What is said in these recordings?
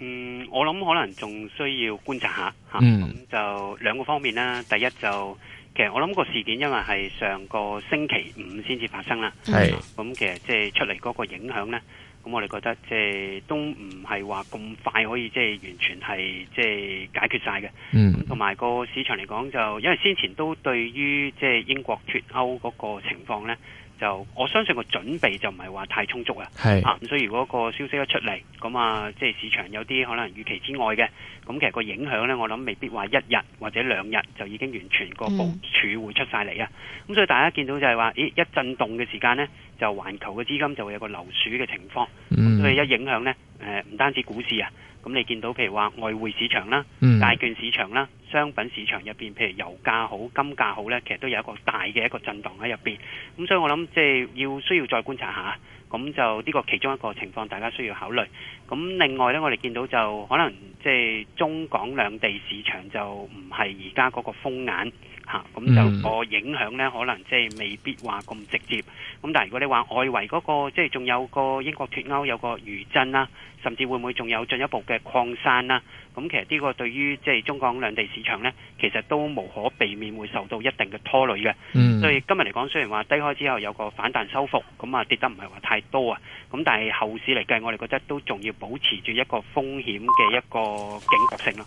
嗯，我諗可能仲需要觀察下吓，咁、mm. 啊、就兩個方面啦，第一就，其實我諗個事件因為係上個星期五先至發生啦，係、mm. 咁其實即係出嚟嗰個影響咧，咁我哋覺得即係都唔係話咁快可以即係完全係即係解決晒嘅。嗯，同埋個市場嚟講就，因為先前都對於即係英國脫歐嗰個情況咧。就我相信個準備就唔係話太充足啊，係啊，咁所以如果個消息一出嚟，咁啊，即係市場有啲可能預期之外嘅，咁其實個影響咧，我諗未必話一日或者兩日就已經完全個部署會出晒嚟啊，咁、嗯、所以大家見到就係話，咦，一震動嘅時間咧，就環球嘅資金就會有個流竄嘅情況，咁、嗯、所以一影響咧，呃、唔單止股市啊，咁你見到譬如話外匯市場啦、嗯、債券市場啦。商品市場入面，譬如油價好、金價好呢，其實都有一個大嘅一個震蕩喺入邊。咁所以我諗，即係要需要再觀察一下。咁就呢個其中一個情況，大家需要考慮。咁另外呢，我哋見到就可能即係中港兩地市場就唔係而家嗰個風眼嚇，咁就個影響呢，可能即係未必話咁直接。咁但係如果你話外圍嗰個即係仲有個英國脱歐有個餘震啦，甚至會唔會仲有進一步嘅擴散啦？咁其實呢個對於即係中港兩地市場呢，其實都無可避免會受到一定嘅拖累嘅。嗯。所以今日嚟講，雖然話低開之後有個反彈收復，咁啊跌得唔係話太多啊，咁但係後市嚟計，我哋覺得都仲要保持住一個風險嘅一個警覺性咯。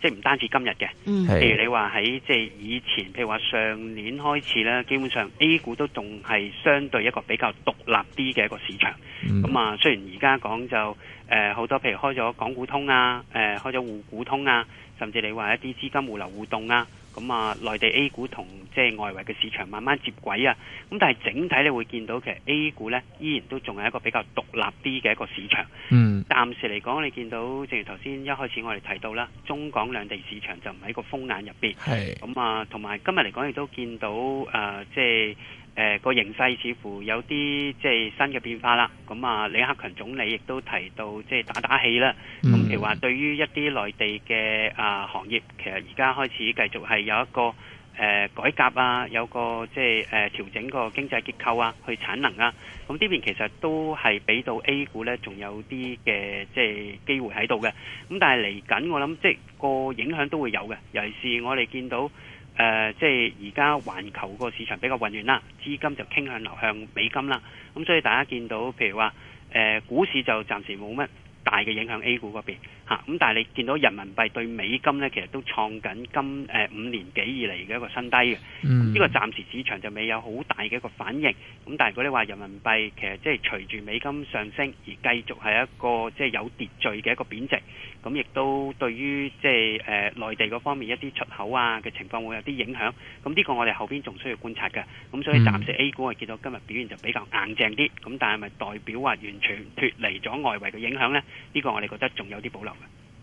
即係唔單止今日嘅，譬如你話喺即係以前，譬如話上年開始咧，基本上 A 股都仲係相對一個比較獨立啲嘅一個市場。咁、嗯、啊，雖然而家講就誒好、呃、多譬如開咗港股通啊，誒、呃、開咗滬股通啊，甚至你話一啲資金互流互動啊。咁啊，內地 A 股同即係外圍嘅市場慢慢接軌啊，咁但係整體你會見到其實 A 股呢依然都仲係一個比較獨立啲嘅一個市場。嗯，暫時嚟講，你見到正如頭先一開始我哋提到啦，中港兩地市場就唔係一個風眼入邊。係，咁啊，同埋今日嚟講亦都見到誒、呃，即係。誒個形勢似乎有啲即係新嘅變化啦，咁啊李克強總理亦都提到即係打打氣啦，咁、嗯、其話對於一啲內地嘅啊行業，其實而家開始繼續係有一個誒改革啊，有個即係誒調整個經濟結構啊，去產能啊，咁呢邊其實都係俾到 A 股咧，仲有啲嘅即係機會喺度嘅，咁但係嚟緊我諗即係個影響都會有嘅，尤其是我哋見到。誒、呃，即係而家環球個市場比較混亂啦，資金就傾向流向美金啦。咁、嗯、所以大家見到，譬如話，誒、呃、股市就暫時冇乜大嘅影響 A 股嗰邊，咁、啊、但係你見到人民幣對美金呢，其實都創緊今、呃、五年幾以嚟嘅一個新低嘅。呢、mm. 個暫時市場就未有好大嘅一個反應。咁但係如果你話人民幣其實即係隨住美金上升而繼續係一個即係有秩序嘅一個貶值。咁亦都對於即係誒內地嗰方面一啲出口啊嘅情況會有啲影響，咁呢個我哋後邊仲需要觀察嘅。咁所以暫時 A 股我哋見到今日表現就比較硬淨啲，咁但係咪代表話完全脫離咗外圍嘅影響呢？呢、呢個我哋覺得仲有啲保留。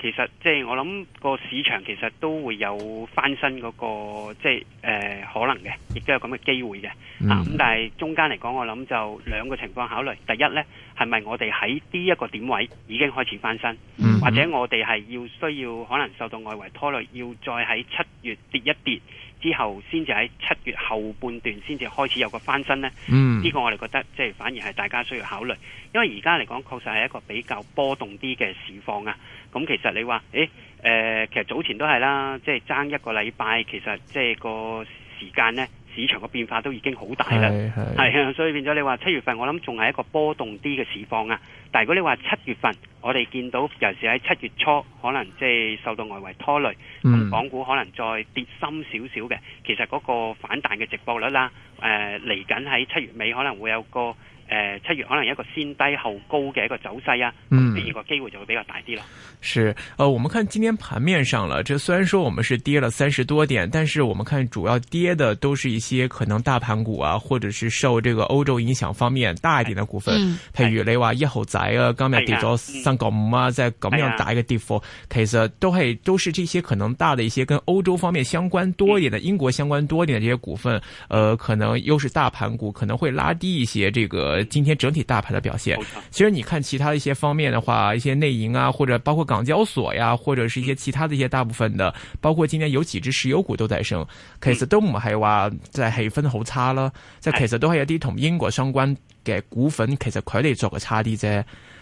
其實即係我諗個市場其實都會有翻身嗰、那個即係誒、呃、可能嘅，亦都有咁嘅機會嘅。Mm-hmm. 啊，咁但係中間嚟講，我諗就兩個情況考慮。第一呢，係咪我哋喺呢一個點位已經開始翻身，mm-hmm. 或者我哋係要需要可能受到外圍拖累，要再喺七月跌一跌？之後先至喺七月後半段先至開始有個翻身呢。呢、嗯呢個我哋覺得即係、就是、反而係大家需要考慮，因為而家嚟講確實係一個比較波動啲嘅市況啊。咁、嗯、其實你話，誒、呃，其實早前都係啦，即係爭一個禮拜，其實即係個時間呢。市場嘅變化都已經好大啦，係啊，所以變咗你話七月份我諗仲係一個波動啲嘅市況啊。但係如果你話七月份，我哋見到尤其喺七月初可能即係受到外圍拖累，咁港股可能再跌深少少嘅，其實嗰個反彈嘅直播率啦，誒嚟緊喺七月尾可能會有個。誒、呃，七月可能一個先低後高嘅一個走勢啊，第、嗯、二、這個機會就會比較大啲咯。是，誒、呃，我們看今天盤面上啦，這雖然說我們是跌了三十多點，但是我們看主要跌的都是一些可能大盤股啊，或者是受這個歐洲影響方面大一點的股份。嗯。譬如你話一號仔啊，今日跌咗三九五啊，即係咁樣大一個跌幅，其實都係都是這些可能大的一些跟歐洲方面相關多一點的、嗯、英國相關多一點的這些股份，呃，可能又是大盤股，可能會拉低一些這個。今天整體大盤的表現，其實你看其他的一些方面的話，一些內銀啊，或者包括港交所呀，或者是一些其他的一些大部分的，包括今天有幾隻石油股都在升，其實都唔係話即係氣氛好差啦，即其實都係一啲同英國相關嘅股份，其實佢哋做嘅差啲啫。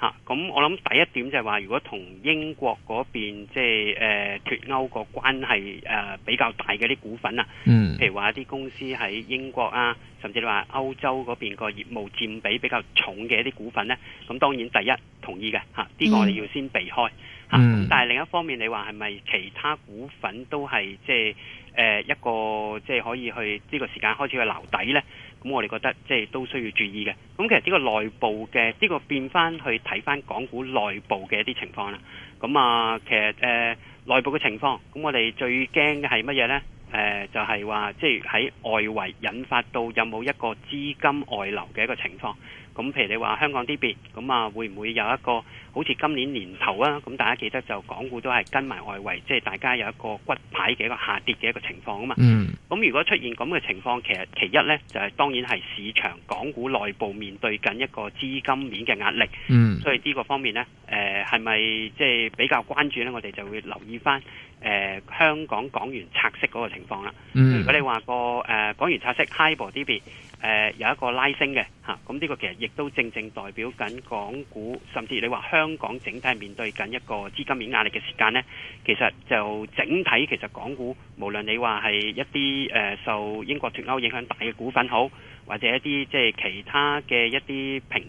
咁、啊、我諗第一點就係話，如果同英國嗰邊即係誒脫歐個關係誒、呃、比較大嘅啲股份啊，嗯，譬如話啲公司喺英國啊，甚至你話歐洲嗰邊個業務占比比較重嘅一啲股份咧，咁當然第一同意嘅吓，呢、啊這個我哋要先避開吓。咁、啊嗯、但係另一方面，你話係咪其他股份都係即係誒、呃、一個即係可以去呢個時間開始去撈底咧？咁我哋覺得即係都需要注意嘅。咁其實呢個內部嘅呢個變翻去睇翻港股內部嘅一啲情況啦。咁啊，其實誒內部嘅情況，咁我哋最驚嘅係乜嘢呢？誒就係話即係喺外圍引發到有冇一個資金外流嘅一個情況。咁譬如你話香港呢邊，咁啊會唔會有一個好似今年年頭啊？咁大家記得就港股都係跟埋外圍，即係大家有一個骨牌嘅一個下跌嘅一個情況啊嘛。嗯。咁如果出現咁嘅情況，其實其一呢就係、是、當然係市場港股內部面對緊一個資金面嘅壓力。嗯。所以呢個方面呢，係咪即係比較關注呢？我哋就會留意翻、呃、香港港元拆息嗰個情況啦、嗯。如果你話個、呃、港元拆息 HIBOR 呢邊。High-overDB, 誒、呃、有一個拉升嘅嚇，咁、啊、呢、呢個其實亦都正正代表緊港股，甚至你話香港整體面對緊一個資金面壓力嘅時間呢，其實就整體其實港股，無論你話係一啲、呃、受英國脫歐影響大嘅股份好。或者一啲即係其他嘅一啲平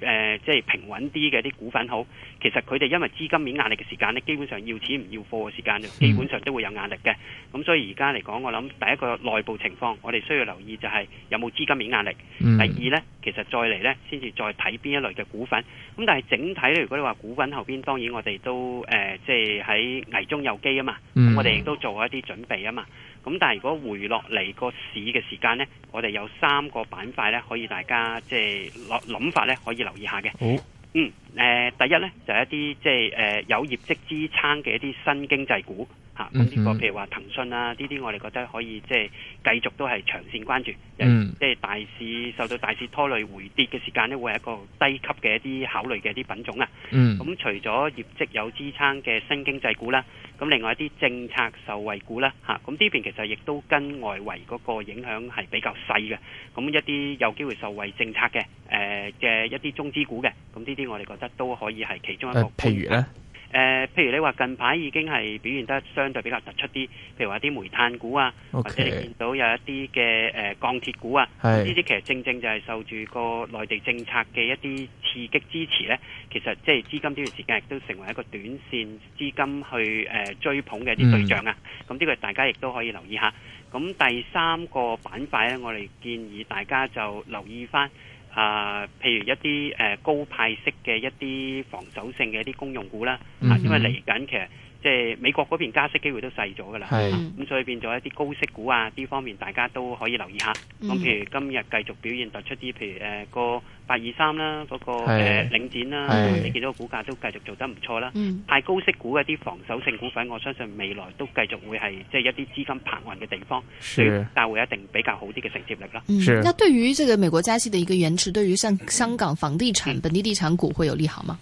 誒、呃，即係平穩啲嘅啲股份好，其實佢哋因為資金面壓力嘅時間呢，基本上要錢唔要貨嘅時間呢、嗯、基本上都會有壓力嘅。咁、嗯、所以而家嚟講，我諗第一個內部情況，我哋需要留意就係有冇資金面壓力、嗯。第二呢，其實再嚟呢，先至再睇邊一類嘅股份。咁、嗯、但係整體呢，如果你話股份後邊，當然我哋都誒、呃，即係喺危中有機啊嘛。咁、嗯、我哋亦都做一啲準備啊嘛。咁但係如果回落嚟個市嘅時間咧，我哋有三個板塊咧，可以大家即係諗諗法咧，可以留意下嘅。好，嗯，誒、呃，第一咧就係、是、一啲即係誒、呃、有業績支撐嘅一啲新經濟股。吓咁呢個譬如話騰訊啦，呢啲我哋覺得可以即係繼續都係長線關注，嗯、即係大市受到大市拖累回跌嘅時間咧，會係一個低級嘅一啲考慮嘅一啲品種啊。咁、嗯嗯、除咗業績有支撐嘅新經濟股啦，咁另外一啲政策受惠股啦，吓咁呢邊其實亦都跟外圍嗰個影響係比較細嘅。咁一啲有機會受惠政策嘅，嘅、呃、一啲中資股嘅，咁呢啲我哋覺得都可以係其中一個譬如咧。誒、呃，譬如你話近排已經係表現得相對比較突出啲，譬如話啲煤炭股啊，okay. 或者你見到有一啲嘅、呃、鋼鐵股啊，呢啲其實正正就係受住個內地政策嘅一啲刺激支持咧，其實即係資金呢段時間亦都成為一個短線資金去、呃、追捧嘅啲對象啊。咁、嗯、呢個大家亦都可以留意下。咁第三個板塊咧，我哋建議大家就留意返。啊、呃，譬如一啲誒、呃、高派息嘅一啲防守性嘅一啲公用股啦，吓、mm-hmm. 啊，因為嚟緊其實。即係美國嗰邊加息機會都細咗噶啦，咁所以變咗一啲高息股啊，啲方面大家都可以留意一下。咁、嗯、譬如今日繼續表現突出啲，譬如誒、呃、個八二三啦，嗰、那個誒、呃、領展啦，你見到個股價都繼續做得唔錯啦、嗯。派高息股嘅、啊、啲防守性股份，我相信未來都繼續會係即係一啲資金拍雲嘅地方，但會一定比較好啲嘅承接力啦。嗯，那對於這個美國加息嘅一個延遲，對於像香港房地產、本地地產股會有利好嗎？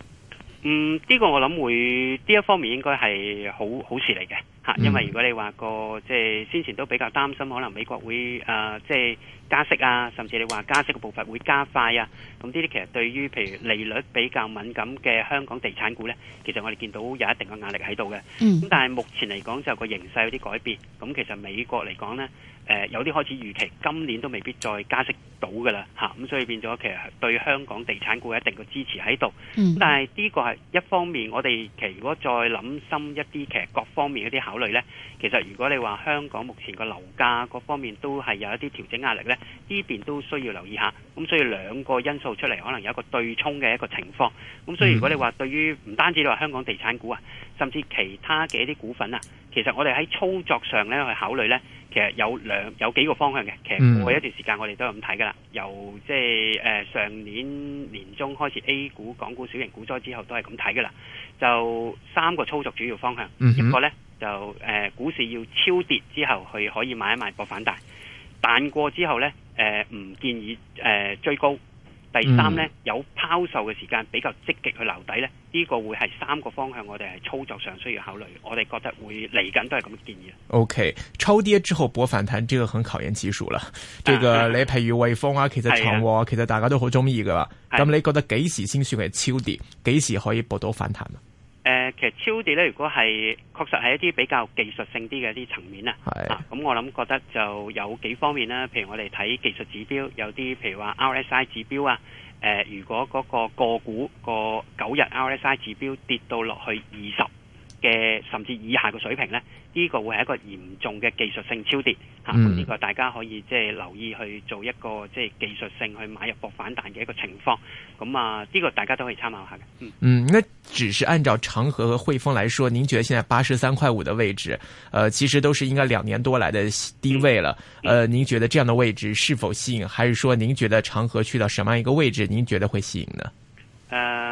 嗯、呢、這個我諗會，呢一方面應該係好好事嚟嘅，吓，因為如果你話個即係先前都比較擔心，可能美國會誒、呃、即係加息啊，甚至你話加息嘅步伐會加快啊，咁呢啲其實對於譬如利率比較敏感嘅香港地產股呢，其實我哋見到有一定嘅壓力喺度嘅。咁但係目前嚟講就個形勢有啲改變，咁其實美國嚟講呢。誒、呃、有啲開始預期，今年都未必再加息到㗎啦吓，咁所以變咗其實對香港地產股一定個支持喺度，嗯。但係呢個係一方面，我哋其實如果再諗深一啲，其實各方面嗰啲考慮呢，其實如果你話香港目前個樓價各方面都係有一啲調整壓力呢，呢邊都需要留意下。咁所以兩個因素出嚟，可能有一個對沖嘅一個情況。咁所以如果你話對於唔單止你話香港地產股啊，甚至其他嘅一啲股份啊。其實我哋喺操作上咧去考慮咧，其實有兩有幾個方向嘅。其實過去一段時間我哋都係咁睇噶啦，由即係誒上年年中開始 A 股、港股小型股災之後都係咁睇噶啦。就三個操作主要方向，嗯、一個咧就誒、呃、股市要超跌之後去可以買一買博反彈，彈過之後咧誒唔建議誒、呃、追高。第三咧、嗯、有拋售嘅時間比較積極去留底咧。呢、這個會係三個方向，我哋係操作上需要考慮。我哋覺得會嚟緊都係咁建議。O K，超跌之後博反彈，這個很考驗技術啦。呢、這個你譬如惠豐啊，其實長和、啊啊、其實大家都好中意噶。咁、啊、你覺得幾時先算係超跌？幾時可以博到反彈啊？誒、呃，其實超跌咧，如果係確實係一啲比較技術性啲嘅一啲層面啊。係、嗯、咁我諗覺得就有幾方面啦。譬如我哋睇技術指標，有啲譬如話 R S I 指標啊。誒、呃，如果嗰個個股、個九日 RSI 指標跌到落去二十，嘅甚至以下嘅水平呢，呢、這個會係一個嚴重嘅技術性超跌吓，咁、嗯、呢、這個大家可以即係留意去做一個即係技術性去買入搏反彈嘅一個情況，咁啊呢個大家都可以參考下嘅。嗯嗯，那只是按照長和和匯豐來說，您覺得現在八十三塊五嘅位置，呃，其實都是應該兩年多來的低位了、嗯，呃，您覺得這樣的位置是否吸引，還是說您覺得長和去到什麼樣一個位置，您覺得會吸引呢？呃。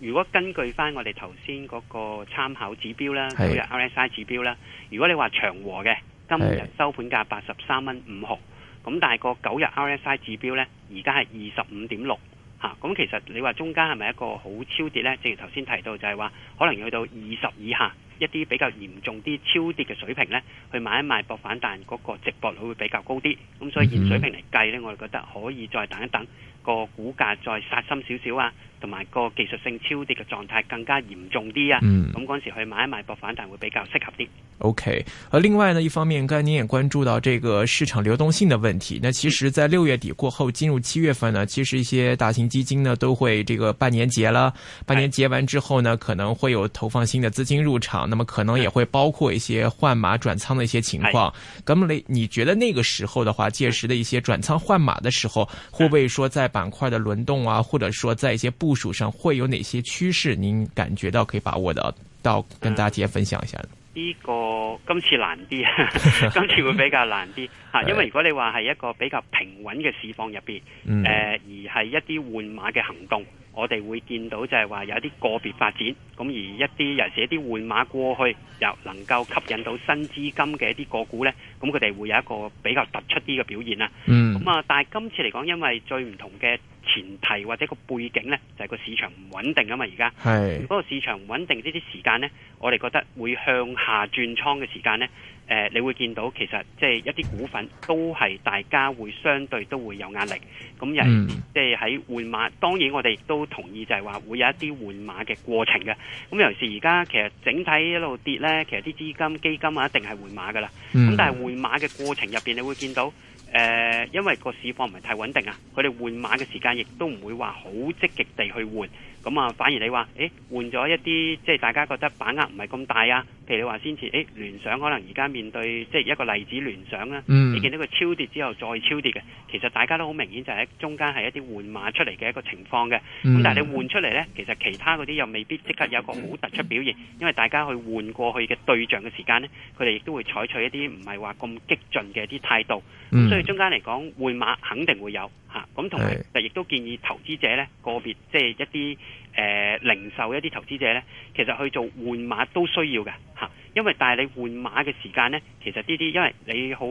如果根據翻我哋頭先嗰個參考指標啦，九日 RSI 指標啦，如果你話長和嘅，今日收盤價八十三蚊五毫，咁但係個九日 RSI 指標呢，而家係二十五點六，咁其實你話中間係咪一個好超跌呢？正如頭先提到就，就係話可能要去到二十以下，一啲比較嚴重啲超跌嘅水平呢，去買一買博反彈嗰、嗰個直博率會比較高啲。咁所以以水平嚟計呢，我哋覺得可以再等一等，個股價再殺深少少啊。同埋個技術性超跌嘅狀態更加嚴重啲啊！嗯，咁嗰陣時去買一買搏反彈會比較適合啲。OK，而另外呢一方面，剛才您也關注到這個市場流動性嘅問題。那其實在六月底過後，嗯，進入七月份呢，其實一些大型基金呢都會這個半年結啦。半年結完之後呢，可能會有投放新的資金入場，那麼可能也會包括一些換馬轉倉的一些情況。咁你，你覺得那個時候的話，屆時的一些轉倉換馬的時候，會不會說在板塊的輪動啊，或者說在一些不部署上會有哪些趨勢？您感覺到可以把握到，到跟大家分享一下。呢、嗯、呢、這個今次難啲啊 今次會比較難啲吓， 因為如果你話係一個比較平穩嘅市況入邊，誒、嗯呃、而係一啲換馬嘅行動，我哋會見到就係話有一啲個別發展，咁而一啲尤其係一啲換馬過去又能夠吸引到新資金嘅一啲個股呢，咁佢哋會有一個比較突出啲嘅表現啦。嗯，咁啊，但係今次嚟講，因為最唔同嘅。前提或者個背景呢，就係、是、個市場唔穩定啊嘛！而家，係嗰個市場唔穩定呢啲時間呢，我哋覺得會向下轉倉嘅時間呢，誒、呃，你會見到其實即係一啲股份都係大家會相對都會有壓力。咁又即係喺換馬、嗯，當然我哋亦都同意就係話會有一啲換馬嘅過程嘅。咁尤其是而家其實整體一路跌呢，其實啲資金基金啊一定係換馬噶啦。咁、嗯、但係換馬嘅過程入邊你會見到。誒，因為個市況唔係太穩定啊，佢哋換馬嘅時間亦都唔會話好積極地去換。咁、嗯、啊，反而你話，誒，換咗一啲，即係大家覺得把握唔係咁大啊。譬如你話先前，誒，聯想可能而家面對，即係一個例子，聯想啊，嗯、你見到佢超跌之後再超跌嘅，其實大家都好明顯就係中間係一啲換馬出嚟嘅一個情況嘅。咁、嗯嗯、但係你換出嚟呢，其實其他嗰啲又未必即刻有一個好突出表現，因為大家去換過去嘅對象嘅時間呢，佢哋亦都會採取一啲唔係話咁激進嘅一啲態度、嗯。所以中間嚟講，換馬肯定會有。吓、啊，咁同埋，亦都建議投資者咧，個別即係一啲誒、呃、零售一啲投資者咧，其實去做換馬都需要嘅吓。啊。因為但係你換馬嘅時間呢，其實呢啲因為你好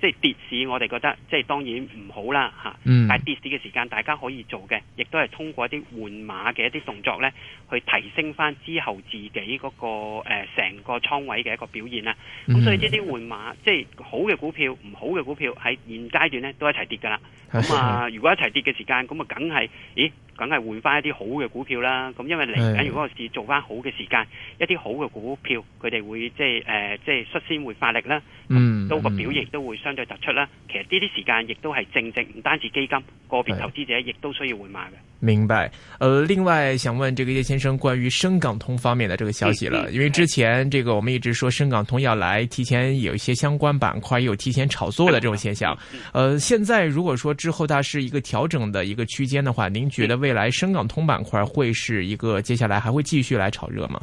即係跌市，我哋覺得即係當然唔好啦嚇。但、嗯、係跌市嘅時間大家可以做嘅，亦都係通過一啲換馬嘅一啲動作呢，去提升翻之後自己嗰、那個成、呃、個倉位嘅一個表現啦。咁、嗯、所以呢啲換馬即係好嘅股票，唔好嘅股票喺現階段呢都一齊跌㗎啦。咁 啊，如果一齊跌嘅時間，咁啊梗係，咦，梗係換翻一啲好嘅股票啦。咁因為嚟緊如果個市做翻好嘅時間，一啲好嘅股票佢哋會即係誒、呃，即係率先會發力啦，嗯，都、嗯、個表現都會相對突出啦。其實呢啲時間亦都係正正唔單止基金，個別投資者亦都需要回買嘅。明白。誒、呃，另外想問這個葉先生關於深港通方面的這個消息啦，因為之前這個我們一直說深港通要來，提前有一些相關板塊有提前炒作的這種現象。誒、嗯呃，現在如果說之後它是一個調整的一個區間的話，您覺得未來深港通板塊會是一個接下來還會繼續來炒熱嗎？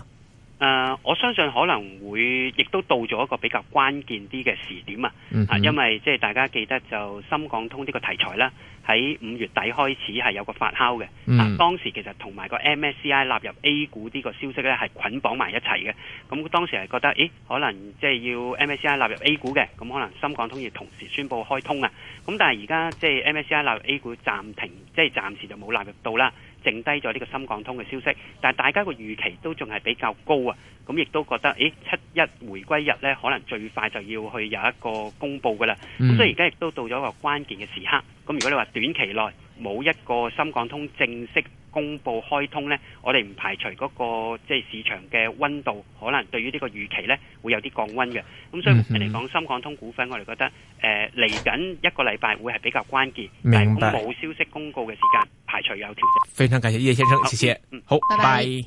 誒、uh，我相信可能會亦都到咗一個比較關鍵啲嘅時點啊，嚇、mm-hmm. 啊，因為即係大家記得就深港通呢個題材啦。喺五月底開始係有個發酵嘅。嗱，當時其實同埋個 MSCI 納入 A 股呢個消息咧，係捆綁埋一齊嘅。咁當時係覺得，咦？可能即係要 MSCI 納入 A 股嘅，咁可能深港通亦同時宣布開通啊。咁但係而家即係 MSCI 納入 A 股暫停，即係暫時就冇納入到啦。剩低咗呢個深港通嘅消息，但大家個預期都仲係比較高啊。咁亦都覺得，咦？七一回歸日咧，可能最快就要去有一個公布噶啦。咁、嗯、所以而家亦都到咗一個關鍵嘅時刻。咁如果你話短期內冇一個深港通正式公布開通咧，我哋唔排除嗰個即係市場嘅溫度，可能對於呢個預期咧，會有啲降溫嘅。咁所以目前嚟講，深港通股份我哋覺得，誒，嚟緊一個禮拜會係比較關鍵，但係冇消息公告嘅時間，排除有條件。非常感謝葉先生，謝謝，好，拜拜。